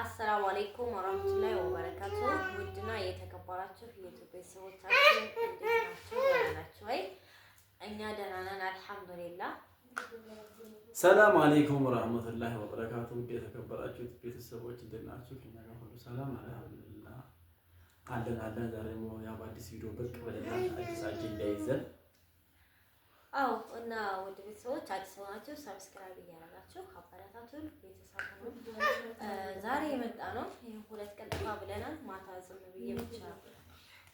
አሰላሙ አለይኩም ወራህመቱላሂ ወበረካቱ። ውድና የተከበራችሁ የዩቲዩብ ቤተሰቦቻችን ወይ? እኛ ደህና ነን አልሐምዱሊላህ። ሰላም አለይኩም ወራህመቱላሂ ወበረካቱ። የተከበራችሁ ቤተሰቦች እንዴት ናችሁ? ከኛ ጋር ሁሉ ሰላም አልሐምዱሊላህ። አለን አለን። ዛሬ ያው በአዲስ ቪዲዮ ብቅ ብለናል። አዲስ አጀንዳ ይዘን አው እና ወደ ቤተሰቦች አዲስ ሆናችሁ ሰብስክራይብ እያደረጋችሁ አበረታቱን። ቤተሰብ ዛሬ የመጣ ነው። ይህ ሁለት ቀን ጠፋ ብለናል። ማታ ዝም ብዬ ብቻ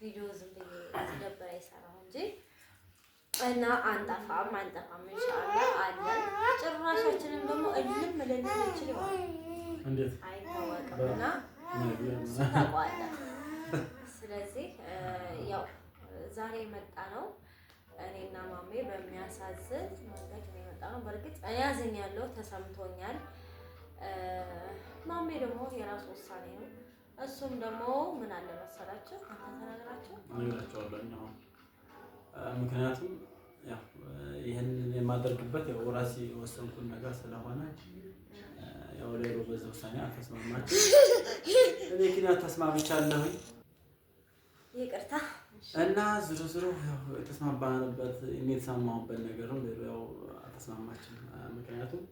ቪዲዮ ዝም ብዬ ነበረ የሰራው እንጂ እና አንጠፋም አንጠፋም እንሻላ አለን። ጭራሻችንም ደግሞ እልም ልንል ይችል አይታወቅም እና ታውቀዋለህ። ስለዚህ ያው ዛሬ የመጣ ነው ማሜ በሚያሳዝን መንገድ ነው የመጣ ነው። በእርግጥ እኔ አዝኛለሁ፣ ተሰምቶኛል። ማሜ ደግሞ የራሱ ውሳኔ ነው። እሱም ደግሞ ምን አለ መሰላቸው ተናግራቸው ነግራቸዋለሁ። ምክንያቱም ይህን የማደርግበት ያው ራሴ የወሰንኩን ነገር ስለሆነ ያው ላይ በዛ ውሳኔ አልተስማማችም። እኔ ግን ተስማምቻለሁኝ። ይቅርታ እና ዝሮ ዝሮ የተስማማንበት የተስማማሁበት ነገር ነው። ሌላው አልተስማማችም። ምክንያቱም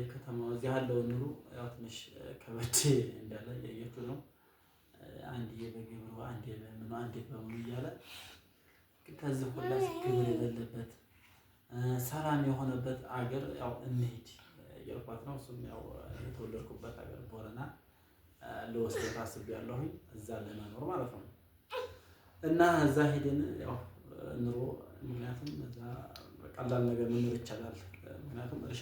የከተማው እዚህ ያለው ኑሮ ያው ትንሽ ከበድ እንዳለ የየቱ ነው። አንድ በግብሩ አንድ በምኑ አንድ በምኑ እያለ ከዚህ ሁላ ግብር የሌለበት ሰላም የሆነበት አገር ያው እንሂድ የልኳት ነው። እሱም ያው የተወለድኩበት አገር ቦረና ለወስደው ታስቤያለሁኝ እዛ ለመኖር ማለት ነው። እና እዛ ሄደን ያው ኑሮ ምክንያቱም እዛ ቀላል ነገር መኖር ይቻላል። ምክንያቱም እርሻ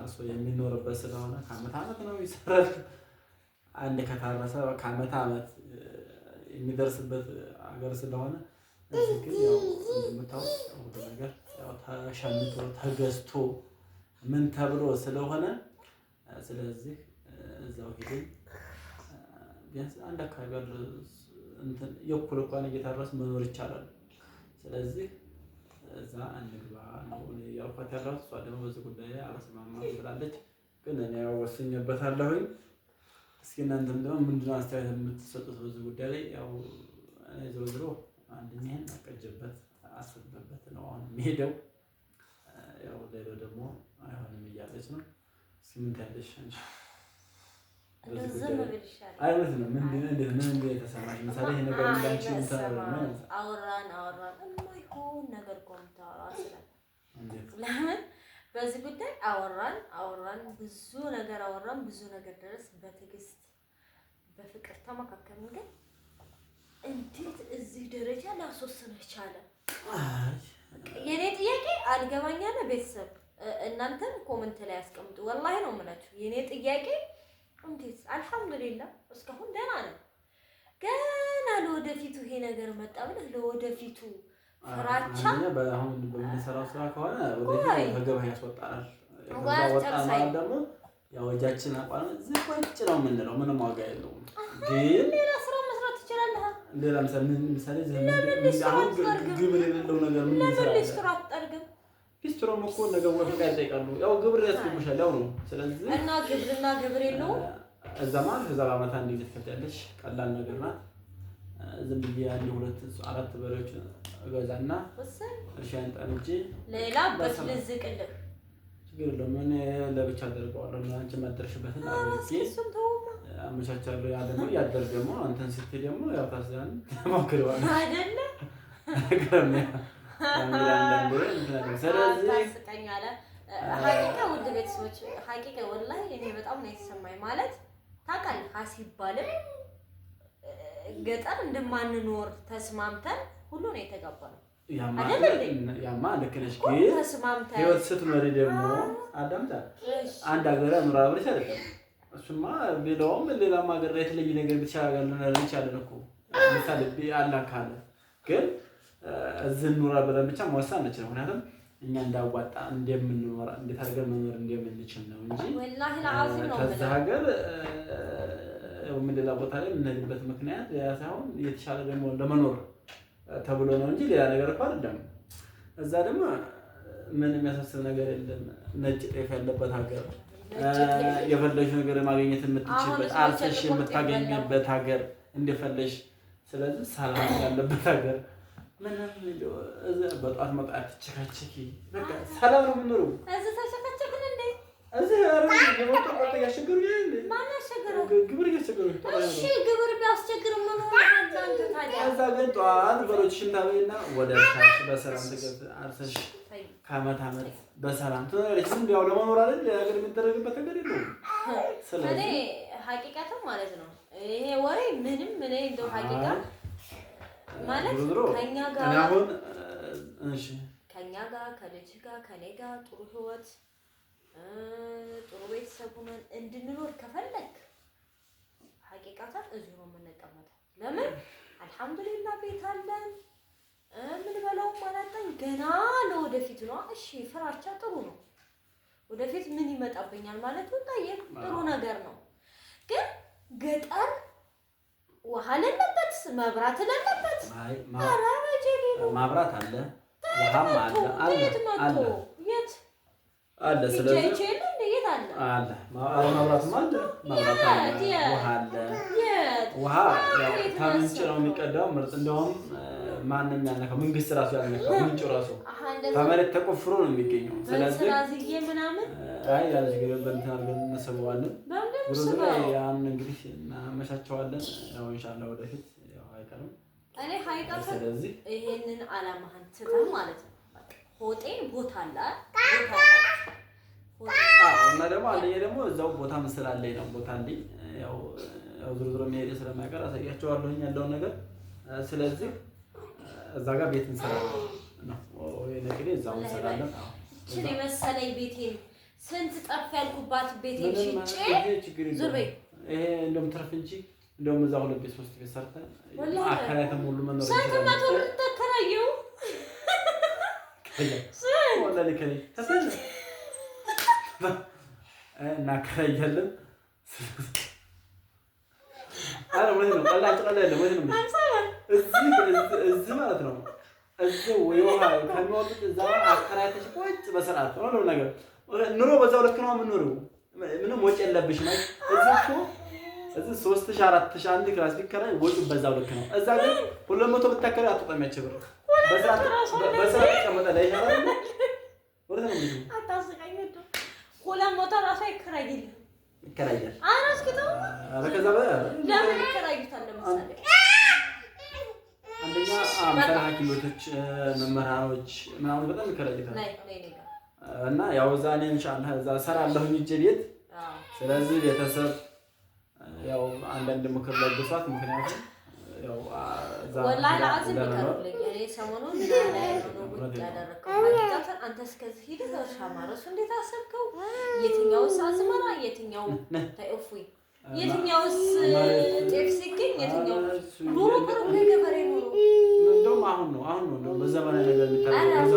አርሶ የሚኖርበት ስለሆነ ከአመት አመት ነው ይሰራል። አንድ ከታረሰ ከአመት አመት የሚደርስበት አገር ስለሆነ እዚህ ግን ነገር ያው ተሸምቶ ተገዝቶ ምን ተብሎ ስለሆነ ስለዚህ እዛው ሄደን ቢያንስ አንድ አካባቢ ያለ የእኩል እንኳን እየታረስ መኖር ይቻላል። ስለዚህ እዛ እንግባ ነው ያልኳት ያለሁት። እሷ ደግሞ በዚህ ጉዳይ አልስማማም ብላለች፣ ግን እኔ ያው ወስኜበታለሁኝ። እስኪ እናንተም ደግሞ ምንድነው አስተያየት የምትሰጡት በዚህ ጉዳይ ላይ? ያው እኔ ዞሮ ዞሮ አንደኛህን አቀጀበት አስብበት ነው አሁን የሚሄደው። ያው ሌላው ደግሞ አይሆንም እያለች ነው። እስኪ ምን ታያለሽ አንቺ? አይመስልም። በዚህ ጉዳይ አወራን አወራን ብዙ ነገር አወራን ብዙ ነገር ድረስ በትዕግስት በፍቅር ተመካከልን። ግን እንዴት እዚህ ደረጃ ላስወስን ቻለ? የኔ ጥያቄ አልገባኝ አለ። ቤተሰብ እናንተም ኮመንት ላይ አስቀምጡ ወላሂ ነው የምላችሁ የኔ ጥያቄ እንዴት አልሐምዱሊላህ እስካሁን ደህና ነን። ገና ለወደፊቱ ይሄ ነገር መጣ ብለህ ለወደፊቱ ፍራቻ አሁን በምንሰራው ስራ ከሆነ ወደፊት ከገበያ ያስወጣናል። ወጣ ደግሞ ያው እጃችን አቋል ዝም ነው የምንለው፣ ምንም ዋጋ የለውም። ግን ሌላ ስራ መስራት ትችላለህ። ሌላ ምሳሌ ምሳሌ ግብር የሌለው ነገር ምን ሂስትሮም እኮ ነገ ጋር ይጠይቃሉ። ያው ግብር ያስገቡሻል። ያው ነው። ስለዚህ እና ግብርና ግብር የለውም እዛማ ከዛ በዓመት አንዴ ትከፍያለሽ። ቀላል ነገር ናት። ዝም ብዬ አንድ ሁለት አራት በሬዎች እገዛና እርሻን ጠርጄ ሌላ በስልዝቅልቅ ችግር የለውም። እኔ ለብቻ አደርገዋለሁ። አንቺ የማደርሽበትን አመቻቻለሁ። ያ ደግሞ ያደር ደግሞ አንተን ስትይ ደግሞ ያው ታስያን ሞክረዋል አይደለ ስለዚህ ሀቂቃ ውድ ቤተሰቦች ሀቂቃ ወላሂ እኔ በጣም ነው የተሰማኝ። ማለት ታውቃለህ ሲባልም ገጠር እንደማንኖር ተስማምተን ሁሉ ነው የተጋባነው። ያማ ልክ ነሽ። ህይወት ስትመሪ ደግሞ አዳምጣ አንድ ሀገር ምራብርች አይደለም እሱማ ሌላውም ሌላም ሀገር የተለየ ነገር ብቻ ያለን ይቻለን እኮ ምሳሌ አላካለ ግን እዚህ እንኑራ ብለን ብቻ መወሰን አንችልም። ምክንያቱም እኛ እንዳዋጣ እንደምንኖራ እንዴት አድርገን መኖር እንደምንችል ነው እንጂ ከዛ ሀገር ሌላ ቦታ ላይ የምንሄድበት ምክንያት ያ ሳይሆን የተሻለ ደግሞ ለመኖር ተብሎ ነው እንጂ ሌላ ነገር እኮ አይደለም። እዛ ደግሞ ምን የሚያሳስብ ነገር የለም። ነጭ ጤፍ ያለበት ሀገር፣ የፈለሽ ነገር ማግኘት የምትችልበት አርሰሽ የምታገኝበት ሀገር እንደፈለሽ። ስለዚህ ሰላም ያለበት ሀገር ምንም በጠዋት መውጣት ችካችኪ ሰላም ነው የምንኖረው። እዚህ ተሸከቸክን እንዴ? እዚህ ግብር እያስቸገሩ እሺ፣ ግብር ቢያስቸግር ምን ከዛ ግን ጠዋት በሮችሽን ታበይና ወደ እርሻሽ በሰላም ትገብ አርሰሽ ከአመት አመት በሰላም ትኖሪያለሽ። ዝም ያው ለመኖር አይደል ነገር የሚደረግበት ነገር የለውም። ስለዚህ ሀቂቃትም ማለት ነው ይሄ ወሬ ምንም እኔ እንደው ሀቂቃ ማለት ከኛ ጋር አሁን እሺ ከኛ ጋር ከልጅ ጋር ከኔ ጋር ጥሩ ህይወት ጥሩ ቤተሰብ ሆነን እንድንኖር ከፈለግ ሀቂቃታት እዚሁ ነው የምንቀመጠው። ለምን አልሐምዱሊላ ቤት አለን፣ የምንበላውም አላጣን። ገና ለወደፊት ነው። እሺ ፍራቻ ጥሩ ነው። ወደፊት ምን ይመጣብኛል ማለት ወጣዬ ጥሩ ነገር ነው፣ ግን ገጠር ውሃ ለለበት፣ መብራት ለለበት። ኧረ አለ ውሃም አለ አለ አለ የት አለ? ስለዚህ ውሃ አለ። ውሃ ከምንጭ ነው የሚቀዳው። ምርጥ እንደውም ማንም ያነካው መንግስት ራሱ ያነካው ምንጭ ራሱ ከመሬት ተቆፍሮ ነው የሚገኘው። ስለዚህ ምናምን ያን እንግዲህ እናመቻቸዋለን። ያው ኢንሻአላህ ወደፊት ያው አይቀርም። እኔ ሀይቃ ስለዚህ ይሄንን አላማህን ትተህ ማለት ነው ሆጤ ቦታ አለ እና ደግሞ አንደኛ ደግሞ እዛው ቦታ ምስል አለኝ ነው ቦታ አለኝ። ያው ያው ዞሮ ዞሮ መሄድ ስለማይቀር አሳያቸዋለሁኝ ያለውን ነገር። ስለዚህ እዛ ጋር ቤት እንሰራለን ነው ወይ ለቅዴ እዛው እንሰራለን። አዎ እቺ መሰለኝ ቤቴን ስንት ጠፍ ያልኩባት ቤቴን ሽጬ ዙር በይ። ይሄ እንደውም ትርፍ እንጂ እንደውም እዛ ሁለት ቤት ሶስት ቤት ሰርተን አከራይተን ሙሉ መኖር እናከራያለን። እዚህ ማለት ነው እዚህ ወይ ከሚወጡት እዛ አከራይተሽ ቁጭ በስርዓት ነው ነገር ኑሮ በዛው ልክ ነው የምንኖረው። ምንም ወጪ የለብሽ ነው። እዚህ እኮ እዚህ ሦስት ሺህ አራት ሺህ አንድ ክላስ ቢከራይ ወጪው በዛው ልክ ነው። እዛ ግን ሁለት መቶ ብታከራ አትወጣም ብር በዛ ተቀመጠ ላይ ይሻላል። ነው ይከራያል። አንደኛ ሐኪሞች፣ መምህራኖች ምናምን በጣም ይከራዩታል። እና ያው እዛ እኔ ኢንሻአላህ እዛ እሰራለሁ እንጂ ቤት ስለዚህ ቤተሰብ ያው አንዳንድ ምክር ለግሷት። ምክንያቱም ያው ሰሞኑን አንተ እንዴት አሰብከው? የትኛውስ የትኛው ተእፉይ የትኛውስ ጤፍ ሲገኝ የትኛው ዶሮ ቀርብ ገበሬ ኖሮ እንደውም አሁን ነው አሁን ነው በዘመናዊ ነገር የሚታረቀው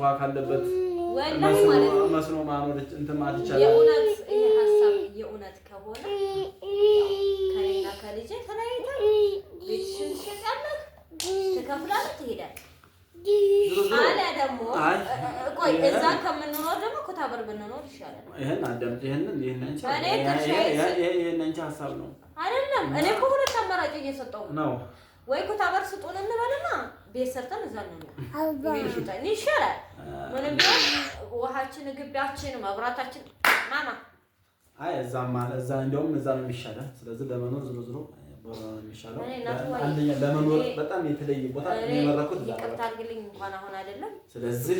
ውሃ ካለበት መስኖ ማኖር እንትን ማለት ይቻላል። የእውነት ይሄ ሀሳብ የእውነት ከሆነ ሀሳብ ነው አይደለም እኔ እኮ ሁለት አማራጭ እየሰጠው ነው። ወይ ኩታበር ስጡን እንበልና ቤት ሰርተን እዛ እንኖር ይሻላል። ምንም ቢሆን ውሃችን፣ ግቢያችን፣ መብራታችን ማማ አይ እዛ ማለት እዛ እንደውም እዛ ነው የሚሻለው። ስለዚህ ለመኖር ዝሮ ዝሮ የሚሻለው አንደኛ ለመኖር በጣም የተለየ ቦታ ነው የመረኩት ይቅርታ አድርግልኝ እንኳን አሁን አይደለም። ስለዚህ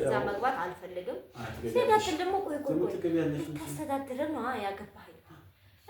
እዛ መግባት አልፈልግም። ስለዚህ ደግሞ ቆይ ቆይ ነው ያገባህ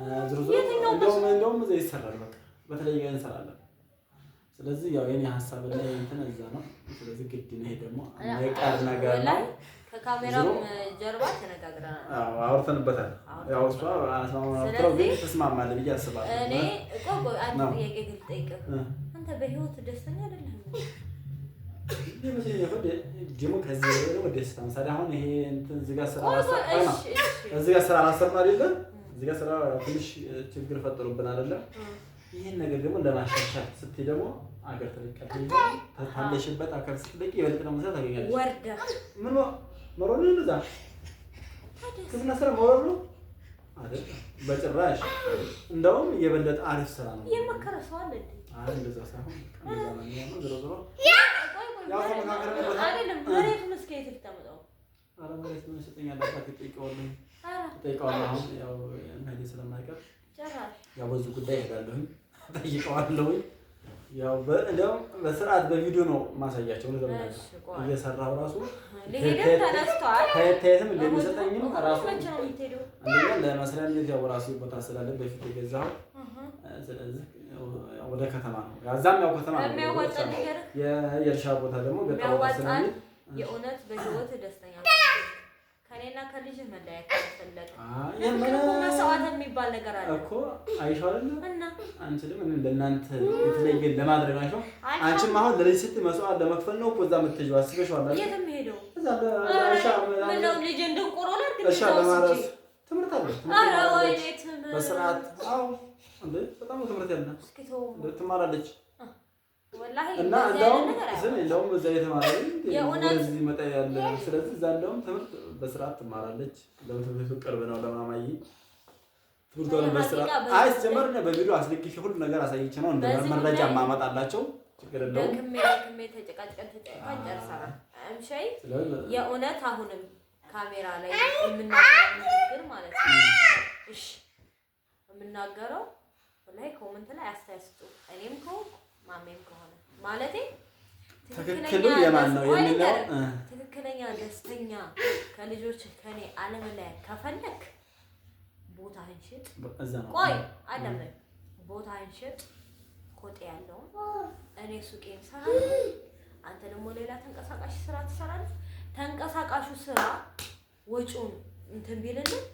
እንደውም እዛ ይሰራል። በቃ በተለይ ጋር እንሰራለን። ስለዚህ ያው የኔ ሀሳብ እና እንትን እዛ ነው። ስለዚህ ግድ ነው። ይሄ ደግሞ የቃል ነገር ላይ ከካሜራው ጀርባ ተነጋግረናል። አውርተንበታል። ያው እሷ አናስማማው ብዬ አስባለሁ። እኔ እኮ አንድ ጥያቄ ልጠይቅህ። አንተ በህይወት ደስተኛ አይደለህ? ደግሞ ከዚህ ወደ ደስታ ምሳሌ አሁን ይሄ እንትን እዚህ ጋር ስራ አላሰራም አይደለም እዚህ ጋር ስራ ትንሽ ችግር ፈጥሮብን አይደለ? ይህን ነገር ደግሞ ለማሻሻል ስትይ ደግሞ አገር ተለቀቅ ታለሽበት አካል ስትለቂ የበለጠ ነው መስራት ታገኛለች። ወርደ ምን መሮን እንደዛ ክፍና ስራ መሮን ነው አይደል? በጭራሽ እንደውም የበለጠ አሪፍ ስራ ነው። የመከረ ሰው አለ እንዴ? አይ እንደዛ ሳይሆን ነው ዝሮ ዝሮ ያው ተመካከረ አይደለም። ልታመጣው? አረ መሬቱን ስጠኝ አለባት ይጠይቀውልኝ ጠይቀዋለሁ። አሁን ያው መሄዴ ስለማይቀር ያው በዚህ ጉዳይ እሄዳለሁኝ ጠይቀዋለሁ። ያው እንዲያውም በስርዓት በቪዲዮ ነው ማሳያቸው። እየሰራው ራሱ ከየትም እንደሚሰጠኝም ራሱ እንደኛ ለመስሪያ ቤት ያው ራሱ ቦታ ስላለ በፊት የገዛው ስለዚህ ወደ ከተማ ነው። ያዛም ያው ከተማ ነው። የእርሻ ቦታ ደግሞ ገጠር ቦታ የእውነት በህይወት ደስተኛ ከኔና ከልጅ መለያየት አልፈለግም። መስዋዕት የሚባል ነገር አለ እኮ አይሻው እና አንችልም ለእናንተ የተለየ ለማድረግ አይሻው አንቺም አሁን ለልጅ ስትይ መስዋዕት ለመክፈል ነው እኮ እዛ የምትሄጂው አስበሽዋል። የትም ሄደው ልጅ እንድንቆሮ እርሻ ለማረስ ትምህርት አለ በስርዓት በጣም ትምህርት ያለ ትማራለች እና እንደውም ስም እንደውም እዛ የተማረኝ ወደዚህ ሊመጣ ያለ ስለዚህ እዛ እንደውም ትምህርት በስርዓት ትማራለች። ለምትምህርት ቤቱ ቅርብ ነው ለማማዬ ትምህርቷን በስርዓት አስጀመር ነው። በቪዲዮ አስልክሽ ሁሉ ነገር አሳይቼ ነው እንደ መረጃ ማመጣላቸው ችግር የለውም። የእውነት አሁንም ካሜራ ላይ የምናገር ማለት ነው እሺ የምናገረው ላይ ኮመንት ላይ አስተያየት ስጡ እኔም ከሆንኩ ማሜም ከሆነ ማለቴ ትክክሉ የማን ነው የሚለው ትክክለኛ ደስተኛ ከልጆች ከኔ አለም ላይ ከፈለክ ቦታህን ሽጥ። ቆይ አለም ቦታ ሽጥ፣ ኮጤ ያለው እኔ ሱቄን እሰራለሁ፣ አንተ ደግሞ ሌላ ተንቀሳቃሽ ስራ ትሰራለህ። ተንቀሳቃሹ ስራ ወጪውን እንትን ቢልልን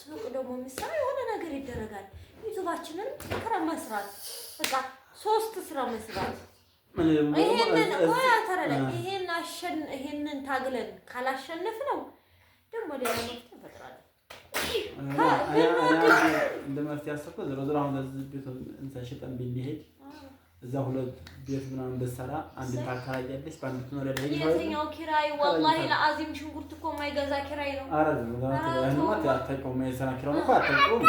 ሱቅ ደግሞ የሚሰራ የሆነ ነገር ይደረጋል። ዩቱባችንን ከረ መስራት በቃ ሶስት ስራ መስራት ይሄንን ቆያ ያተረለ ይሄን አሸን ይሄንን ታግለን ካላሸነፍ ነው ደግሞ ሌላ መፍትሄ እንፈጥራለን። እንደ መፍትሄ ያሰብኩት ዝሮ ዝሮ አሁን ለዚህ ቤት እንትን ሸጠን ብንሄድ እዛ ሁለት ቤት ምናምን ብትሰራ አንድ ታከራያለች፣ በአንድ ትኖሪያለሽ። የትኛው ኪራይ ወላሂ ለአዚም ሽንኩርት እኮ የማይገዛ ኪራይ ነው። ኧረ ዝም ብለህ አታውቀውም። የሰራ ኪራይ እኮ አታውቀውም።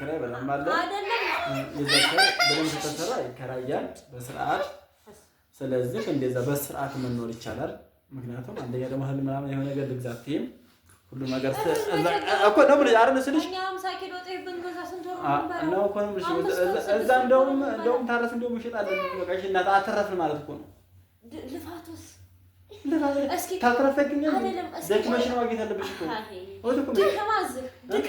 ኪራይ በጣም አለ አይደለም ይዘከ በደንብ ከተሰራ ይከራያል በስርዓት። ስለዚህ እንደዛ በስርዓት መኖር ይቻላል። ምክንያቱም አንደኛ ደግሞ ህል ምናምን የሆነ ነገር ልግዛት ትይም ሁሉ ነገር እኮ ደግሞ አረነ ስልሽ ነው እኮ ነው። እዛ እንደውም እንደውም ታረስ እንደውም እንሸጣለን በቃ እሺ። አተረፍን ማለት እኮ ነው። ልፋቱስ ታልተረፈግኝ ደክመሽ ነው ማግኘት ያለብሽ እኮ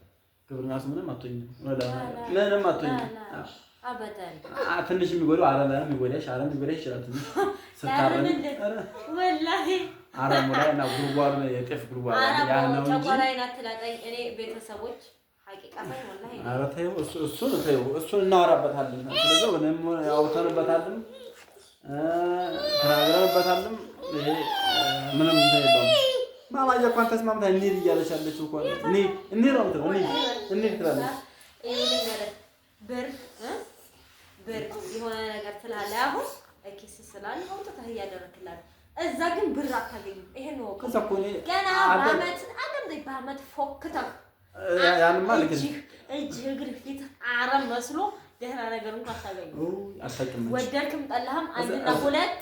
ግብርና ውስጥ ምንም አትሆኝም፣ ምንም አትሆኝም። ትንሽ የሚጎዳው አረም የሚጎዳሽ አረም የሚጎዳሽ ይችላል። ትንሽ ስታረም አረሙ ላይ እና ጉርጓዱ የጤፍ ጉርጓዱ ያ ነው እንጂ እኔ ቤተሰቦች ኧረ ተይው፣ እሱን ተይው፣ እሱን እናወራበታለን። ስለዚህ ምንም ያውተንበታልም ተናግረንበታልም። ይሄ ምንም እንትን ማማዬ እንኳን ተስማምታ እንሂድ እያለች ያለችው እኮ ብር ብር የሆነ ነገር ትላለህ። አሁን ኪስ ስላለ አውጥተህ እያደረግክላት እዛ ግን ብር አታገኝም። ይሄን ነው ገና በዓመት አንዳንዴ በዓመት ፎክተህ እጅህ እግርህ ፊት አረም መስሎ ደህና ነገር እንኳን አታገኝም። ወደድክም ጠላህም አንድና ሁለት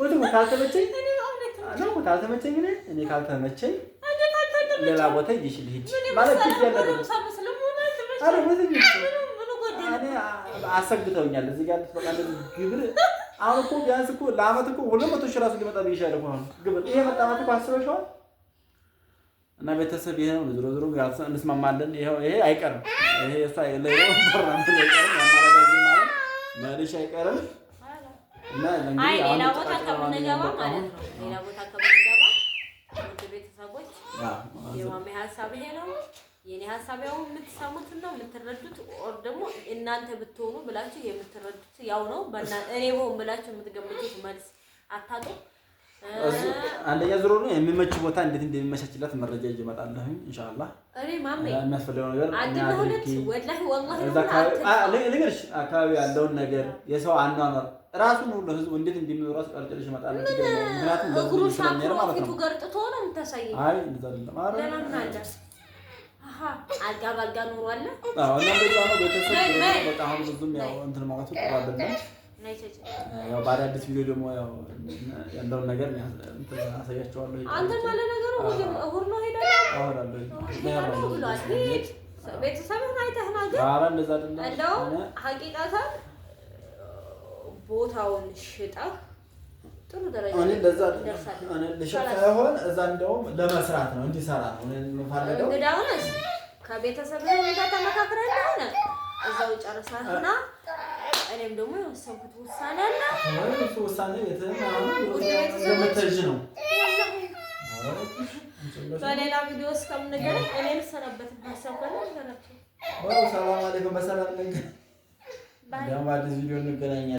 ወትም ካልተመቸኝ ነው ካልተመቸኝ እኔ ካልተመቸኝ ሌላ ቦታ ይሽ ልሂድ ማለት አሰግተውኛል። እዚህ ጋር በቃ ግብር አሁን እኮ ቢያንስ እኮ ለአመት እኮ ሁለት መቶ ሺህ ራሱ ሊመጣ ብይሻል ግብር ይሄ መጣማት እኮ አስበሽዋል። እና ቤተሰብ ይሄ ነው። ዝሮ ዞሮ እንስማማለን። ይሄ አይቀርም። ይሄ እሷ ለይቀርም መልሽ አይቀርም። አይ ሌላ ቦታ ከምንገባ ማለት ነው ሌላ ቦታ ከምንገባ ውድ ቤተሰቦች የማሜ ሀሳብ ይሄ ነው። የኔ ሀሳብ ያው የምትሰሙትና የምትረዱት ኦር ደግሞ እናንተ ብትሆኑ ብላችሁ የምትረዱት ያው ነው። እኔ በሆን ብላችሁ የምትገምቱት መልስ አታጡም። አንደኛ ዙሮ ነው የሚመች ቦታ እንዴት እንደሚመቻችላት መረጃ ይዤ እመጣለሁ። ኢንሻአላህ እኔ ማሜ የሚያስፈልገው ነገር አካባቢ ያለውን ነገር የሰው አኗኗር ራሱን ሁሉ ህዝቡ እንዴት እንደሚኖር ራሱ ቀርጬ ልጅ እመጣለሁ። ምክንያቱም ለእግሩ ሻክሮ ፊቱ ገርጥቶ ነው የምታሳየኝ። አይ እንደዛ አይደለም። አረ አልጋ ባልጋ ኑሮ አለ። አዎ እና እንደዛ ነው ቤተሰብ። በጣም ብዙም ያው እንትን ማውራት ጥሩ አይደለም። ያው አዲስ ቪዲዮ ደግሞ ያው ያለውን ነገር አሳያቸዋለሁ። አንተ ማለት ነገሩ እሑድ ነው ሄዳለሁ። አዎ ሄዳለሁ ብሏል። ቤተሰብህን አይተህ ናገር። አረ እንደዛ አይደለም። እንደውም ሀቂቃታ ቦታውን ሽጠህ ጥሩ ደረጃ እኔ እንደዛ እኔ ልሽጥ ሳይሆን እዛ እንደውም ለመስራት ነው እንዲሰራ ነው እኔ የምፈልገው። እንግዳውንስ ከቤተሰብ ጋር ተመካክረህ እንደሆነ እዛው ጨርሳህና እኔም ደግሞ የወሰንኩት ውሳኔ አለ። እሱ ውሳኔ የምትሄጂ ነው። በሌላ ቪዲዮ እስከምንገናኝ እኔ ልሰናበትበት ሰንበላ ሰላም አለይኩም። በሰላም እንገናኛለን። በአዲስ ቪዲዮ እንገናኛለን።